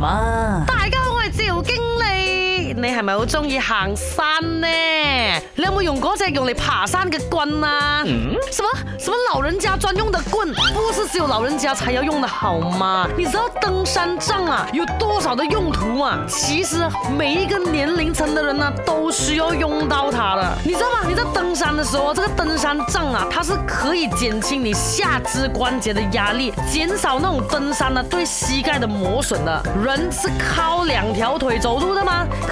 媽媽大家好，我係趙經理。你係咪好中意行山呢？你有冇用過即、這、係、個、用嚟爬山嘅棍啊、嗯？什麼什麼老人家專用嘅棍？不是只有老人家才要用的好嗎？你知道登山杖啊有多少的用途啊？其實每一個年齡層的人呢、啊、都需要用到它的，你知道嗎？你在登山嘅時候，這個登山杖啊，它是可以減輕你下肢關節的壓力，減少那種登山呢對膝蓋的磨損的。人是靠兩條腿走路的嗎？